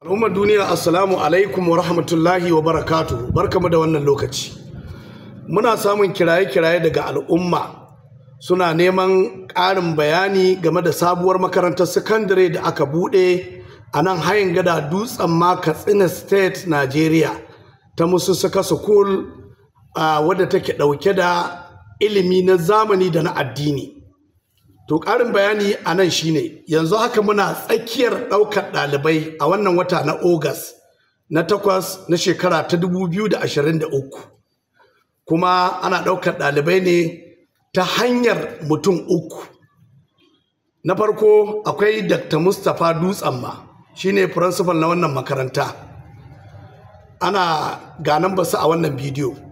Al'ummar duniya assalamu alaikum wa rahmatullahi wa barakatuhu barkamu da wannan lokaci. Muna samun kiraye-kiraye daga al'umma suna neman ƙarin bayani game da sabuwar makarantar sakandare da aka buɗe a nan hayan gada dutsen ma Katsina State, Nigeria ta suka sukul wadda take ɗauke da ilimi na zamani da na addini. To ƙarin bayani a nan ne, yanzu haka muna tsakiyar ɗaukar ɗalibai a wannan wata na Ogas na takwas na shekara ta 2023 kuma ana ɗaukar ɗalibai ne ta hanyar mutum uku. Na farko akwai Dr. Mustapha Dutsenma shine ne na wannan makaranta. Ana ga basu a wannan bidiyo.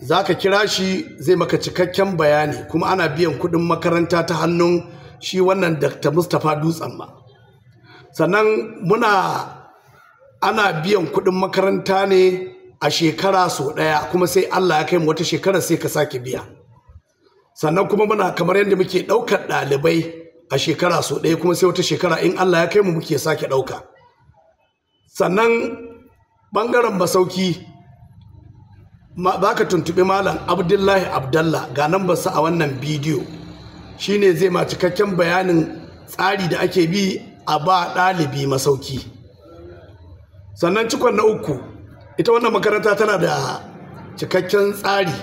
za ka kira shi zai maka cikakken bayani kuma ana biyan kuɗin makaranta ta hannun shi wannan dr mustapha dutsen ma sannan muna ana biyan kuɗin makaranta ne a shekara sau ɗaya kuma sai allah ya kai wata shekara sai ka sake biya sannan kuma muna kamar yadda muke ɗaukar ɗalibai a shekara sau ɗaya kuma sai wata shekara in allah ya kai mu muke sake ɗauka sannan ɓangaren masauki za ka tuntuɓi malam abdullahi abdallah ga nan sa a wannan bidiyo shine zai ma cikakken bayanin tsari da ake bi a ba ɗalibi masauki sannan cikon na uku ita wannan makaranta tana da cikakken tsari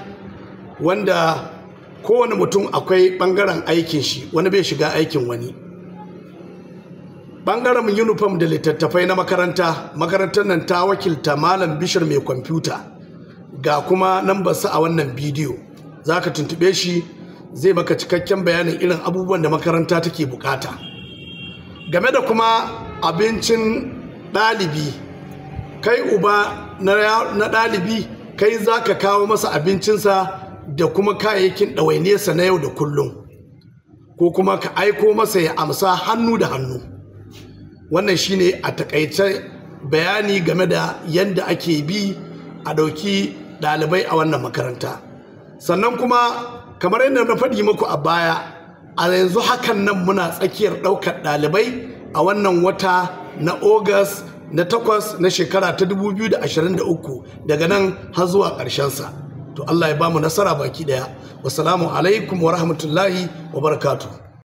wanda kowane mutum akwai ɓangaren aikin shi wani bai shiga aikin wani ɓangaren uniform da littattafai na makaranta makarantar nan ta wakilta malam bishir mai kwamfuta ga kuma nambarsa a wannan bidiyo za ka tuntube shi zai maka cikakken bayanin irin abubuwan da makaranta take bukata game da kuma abincin ɗalibi kai uba na ɗalibi kai za ka kawo masa abincinsa da kuma kayayyakin ɗawainiyarsa na yau da kullum ko kuma ka aiko masa ya amsa hannu da hannu wannan shine a takaice bayani game da yadda ake bi a ɗauki ɗalibai a wannan makaranta sannan kuma kamar yadda na faɗi muku a baya a yanzu hakan nan muna tsakiyar ɗaukar ɗalibai a wannan wata na ogas na takwas na shekara ta 2023 daga nan har zuwa ƙarshensa to Allah ya ba mu nasara baki ɗaya wasalamu alaikum wa rahmatullahi wa barakatuh